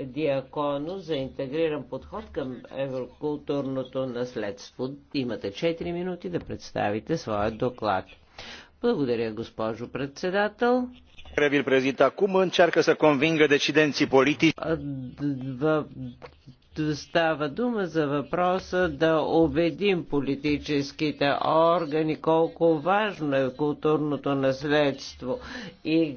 Диакону за интегриран подход към еврокултурното наследство. Имате 4 минути да представите своят доклад. Благодаря, госпожо председател Кревил vi l prezint acum încearcă să convingă decidenții politici Става дума за въпроса да убедим политическите органи колко важно е културното наследство и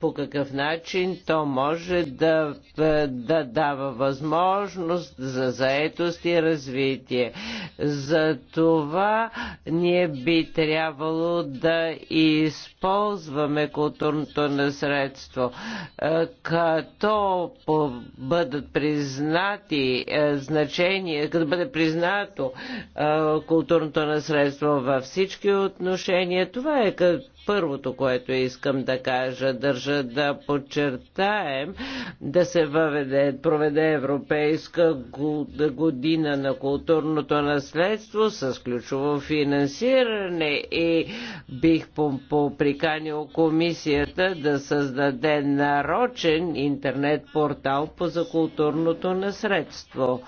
по какъв начин то може да, е, да дава възможност за заетост и развитие. За това ние би трябвало да използваме културното насредство, е, като бъдат признати е, значения, като бъде признато културното насредство във всички отношения. Това е като първото, което искам да кажа. Държа да подчертаем да се въведе, проведе Европейска година на културното наследство с ключово финансиране и бих поприканил комисията да създаде нарочен интернет портал по за културното наследство.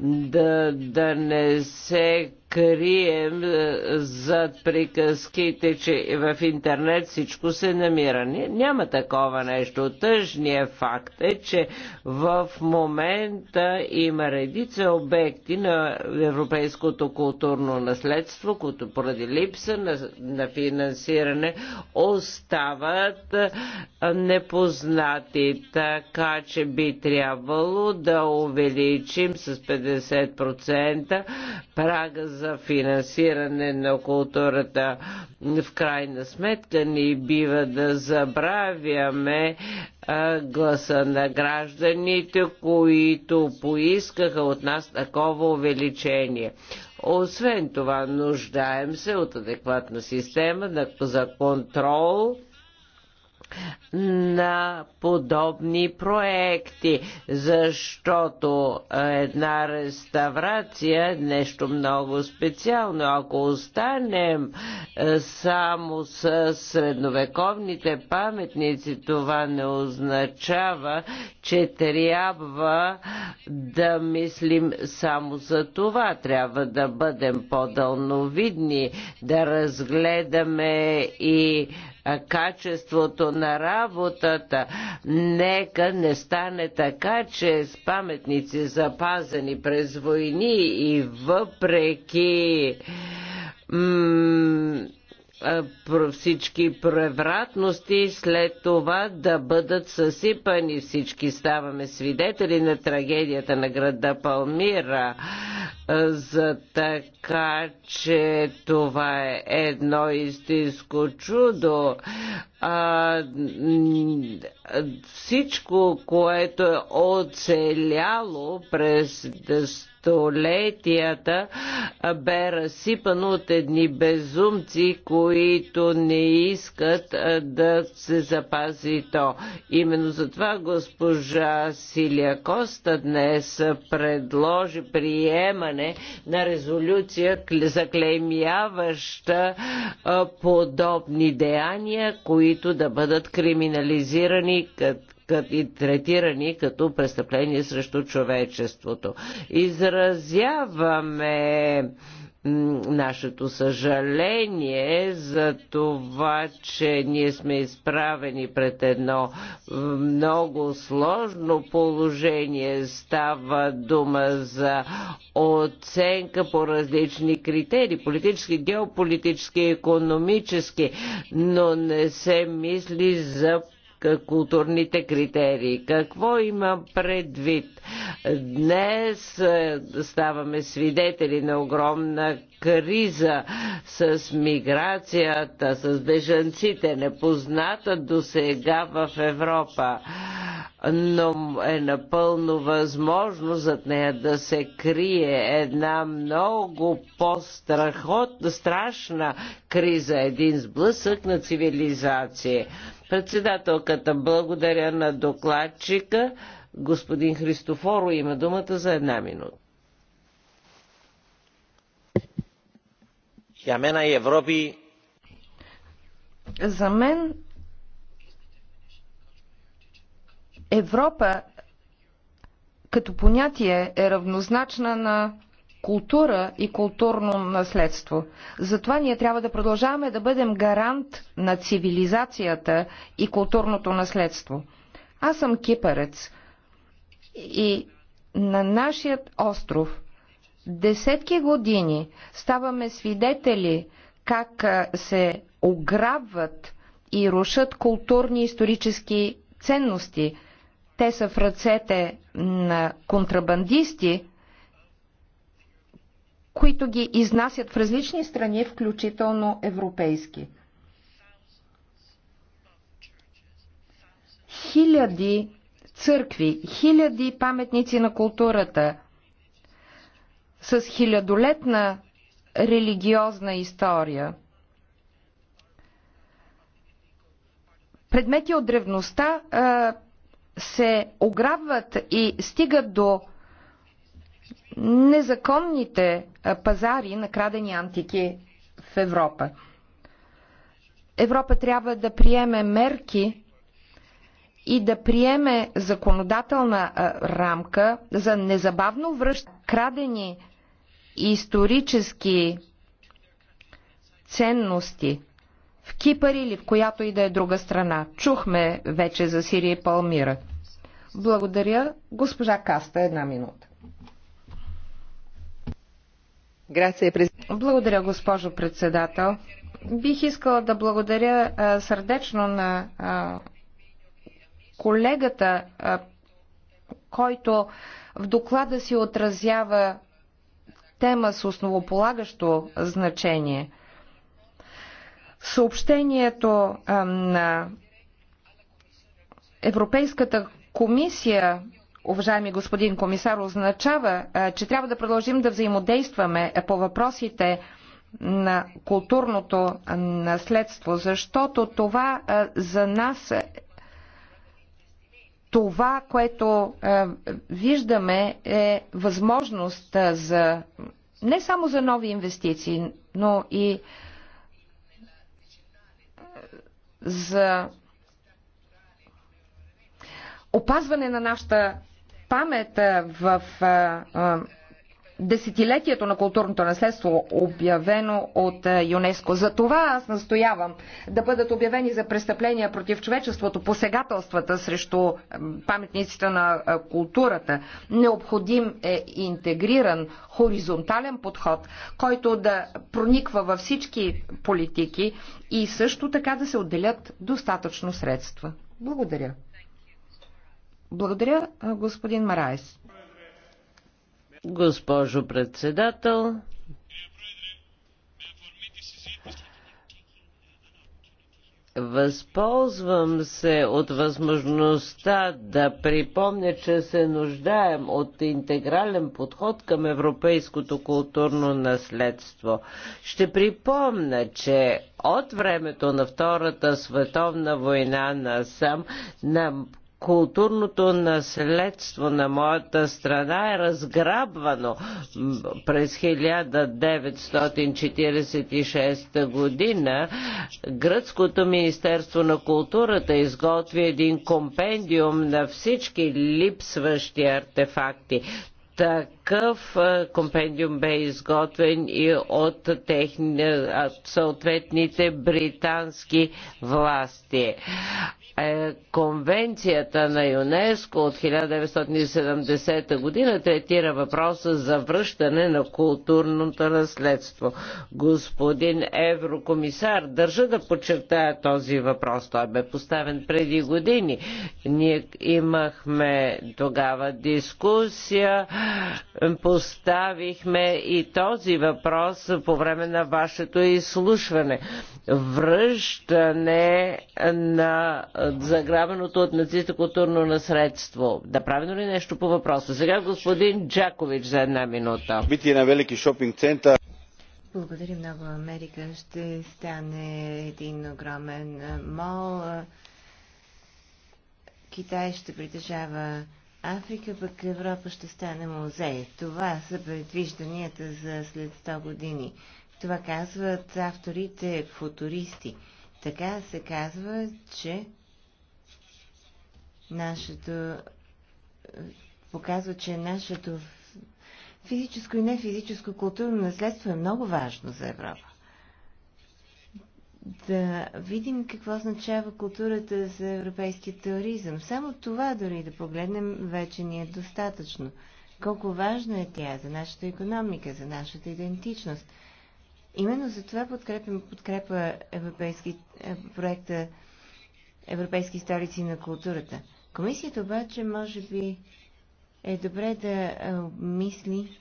Да, да не се крием е, зад приказките, че в интернет всичко се намира. Няма такова нещо. Тъжният факт е, че в момента има редица обекти на европейското културно наследство, които поради липса на, на финансиране остават е, непознати. Така че би трябвало да увеличим с 50% прага за за финансиране на културата. В крайна сметка ни бива да забравяме гласа на гражданите, които поискаха от нас такова увеличение. Освен това, нуждаем се от адекватна система за контрол на подобни проекти, защото една реставрация е нещо много специално. Ако останем е, само с средновековните паметници, това не означава, че трябва да мислим само за това. Трябва да бъдем по-дълновидни, да разгледаме и качеството на работата. Нека не стане така, че с паметници запазени през войни и въпреки всички превратности, след това да бъдат съсипани. Всички ставаме свидетели на трагедията на града Палмира за така, че това е едно истинско чудо. А, всичко, което е оцеляло през столетията, бе разсипано от едни безумци, които не искат да се запази то. Именно затова госпожа Силия Коста днес предложи приема приемане на резолюция, заклеймяваща подобни деяния, които да бъдат криминализирани и третирани като престъпление срещу човечеството. Изразяваме нашето съжаление за това, че ние сме изправени пред едно много сложно положение. Става дума за оценка по различни критерии, политически, геополитически, економически, но не се мисли за културните критерии. Какво има предвид? Днес е, ставаме свидетели на огромна криза с миграцията, с бежанците, непозната до сега в Европа, но е напълно възможно зад нея да се крие една много по-страшна криза, един сблъсък на цивилизация. Председателката благодаря на докладчика. Господин Христофоро има думата за една минута. Για μένα η Ευρώπη... За мен Европа като понятие е равнозначна на култура и културно наследство. Затова ние трябва да продължаваме да бъдем гарант на цивилизацията и културното наследство. Аз съм кипарец и на нашият остров десетки години ставаме свидетели как се ограбват и рушат културни и исторически ценности. Те са в ръцете на контрабандисти, които ги изнасят в различни страни, включително европейски. Хиляди църкви, хиляди паметници на културата с хилядолетна религиозна история. Предмети от древността а, се ограбват и стигат до незаконните пазари на крадени антики в Европа. Европа трябва да приеме мерки и да приеме законодателна рамка за незабавно връщане крадени исторически ценности в Кипър или в която и да е друга страна. Чухме вече за Сирия и Палмира. Благодаря. Госпожа Каста, една минута. Благодаря, госпожо председател. Бих искала да благодаря а, сърдечно на а, колегата, а, който в доклада си отразява система с основополагащо значение. Съобщението на Европейската комисия, уважаеми господин комисар, означава, че трябва да продължим да взаимодействаме по въпросите на културното наследство, защото това за нас това, което е, виждаме е възможност е, за не само за нови инвестиции, но и е, за опазване на нашата памет е, в е, е, десетилетието на културното наследство, обявено от е, ЮНЕСКО. За това аз настоявам да бъдат обявени за престъпления против човечеството, посегателствата срещу паметниците на е, културата. Необходим е интегриран, хоризонтален подход, който да прониква във всички политики и също така да се отделят достатъчно средства. Благодаря. Благодаря, е, господин Марайс. Госпожо председател, Възползвам се от възможността да припомня, че се нуждаем от интегрален подход към европейското културно наследство. Ще припомня, че от времето на Втората световна война насам на културното наследство на моята страна е разграбвано през 1946 година. Гръцкото Министерство на културата изготви един компендиум на всички липсващи артефакти. Такъв компендиум бе изготвен и от техни, съответните британски власти. Е, конвенцията на ЮНЕСКО от 1970 година третира въпроса за връщане на културното наследство. Господин еврокомисар, държа да подчертая този въпрос. Той бе поставен преди години. Ние имахме тогава дискусия Поставихме и този въпрос по време на вашето изслушване. Връщане на заграбеното от нацистите културно наследство. Да правим ли нещо по въпроса? Сега господин Джакович за една минута. Бити на велики шопинг център. Благодаря много. Америка ще стане един огромен мол. Китай ще притежава Африка, пък Европа ще стане музей. Това са предвижданията за след 100 години. Това казват авторите футуристи. Така се казва, че нашето е, показва, че нашето физическо и нефизическо културно наследство е много важно за Европа да видим какво означава културата за европейския теоризъм. Само това дори да погледнем вече ни е достатъчно. Колко важна е тя за нашата економика, за нашата идентичност. Именно за това подкрепям, подкрепа европейски, е, проекта Европейски столици на културата. Комисията обаче може би е добре да е, мисли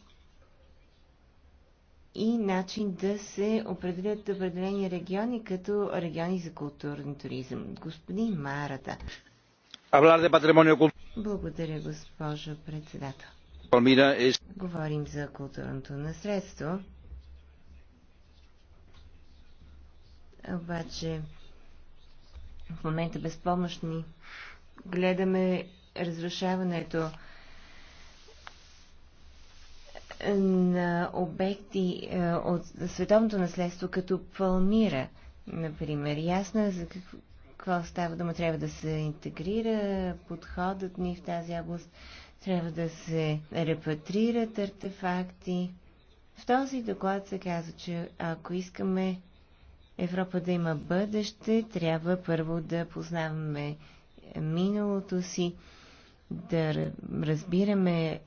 и начин да се определят определени региони като региони за културен туризъм. Господин Марата. Благодаря, госпожо председател. Говорим за културното наследство. Обаче в момента безпомощни гледаме разрушаването на обекти е, от световното наследство, като Палмира, например. Ясно е за какво става дума. Трябва да се интегрира подходът ни в тази област. Трябва да се репатрират артефакти. В този доклад се казва, че ако искаме Европа да има бъдеще, трябва първо да познаваме миналото си, да разбираме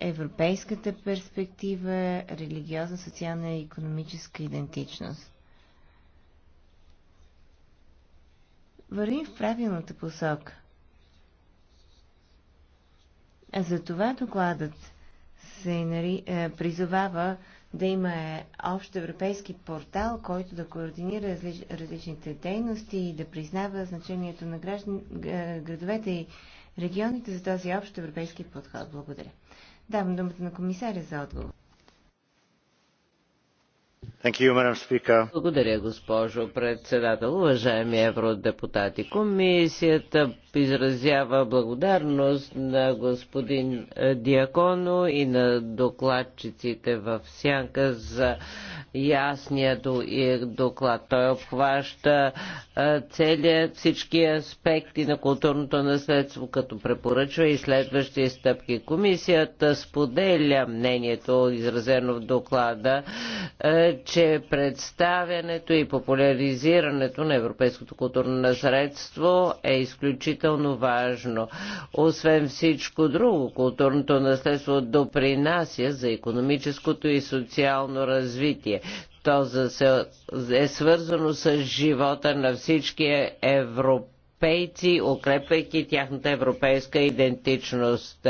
европейската перспектива, религиозна, социална и економическа идентичност. Вървим в правилната посока. А за това докладът се нари... Е, призовава да има е, общ европейски портал, който да координира различ... различните дейности и да признава значението на граждан... градовете и регионите за този общ европейски подход. Благодаря. Давам думата на комисаря за отговор. Благодаря, госпожо председател. Уважаеми евродепутати, комисията изразява благодарност на господин Диакону и на докладчиците в Сянка за ясния доклад. Той обхваща целия всички аспекти на културното наследство, като препоръчва и следващи стъпки. Комисията споделя мнението, изразено в доклада, че представянето и популяризирането на европейското културно наследство е изключително важно. Освен всичко друго, културното наследство допринася за економическото и социално развитие то е свързано с живота на всички европейски европейци, укрепвайки тяхната европейска идентичност.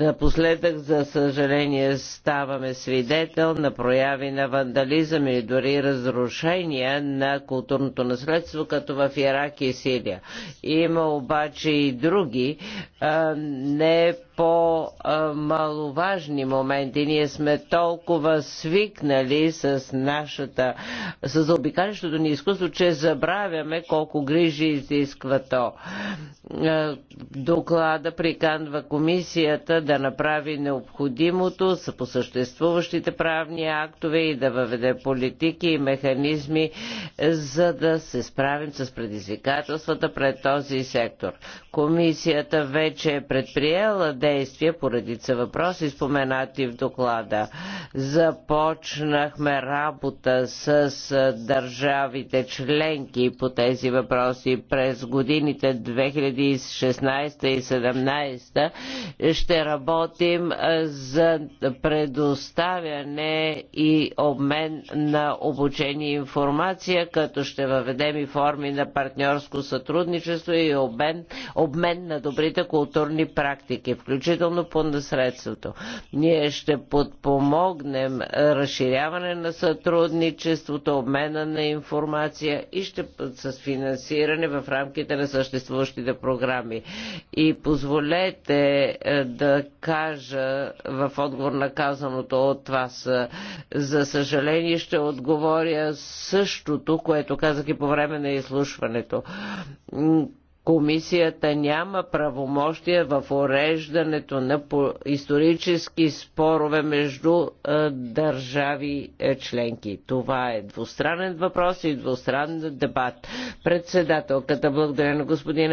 Напоследък, за съжаление, ставаме свидетел на прояви на вандализъм и дори разрушения на културното наследство, като в Ирак и Сирия. Има обаче и други не по-маловажни моменти. Ние сме толкова свикнали с нашата, с заобикалящото ни изкуство, че забравяме колко грижи изисква то. Е, доклада приканва комисията да направи необходимото с по съществуващите правни актове и да въведе политики и механизми, за да се справим с предизвикателствата пред този сектор. Комисията вече е предприела действия по редица въпроси, споменати в доклада. Започнахме работа с държавите членки по тези въпроси през годините 2016 и 2017. Ще работим за предоставяне и обмен на обучение и информация, като ще въведем и форми на партньорско сътрудничество и обмен, обмен на добрите културни практики, включително включително по насредството. Ние ще подпомогнем разширяване на сътрудничеството, обмена на информация и ще с финансиране в рамките на съществуващите програми. И позволете е, да кажа в отговор на казаното от вас, е, за съжаление ще отговоря същото, което казах и по време на изслушването Комисията няма правомощия в уреждането на исторически спорове между държави е, членки. Това е двустранен въпрос и двустранен дебат. Председателката благодаря на господин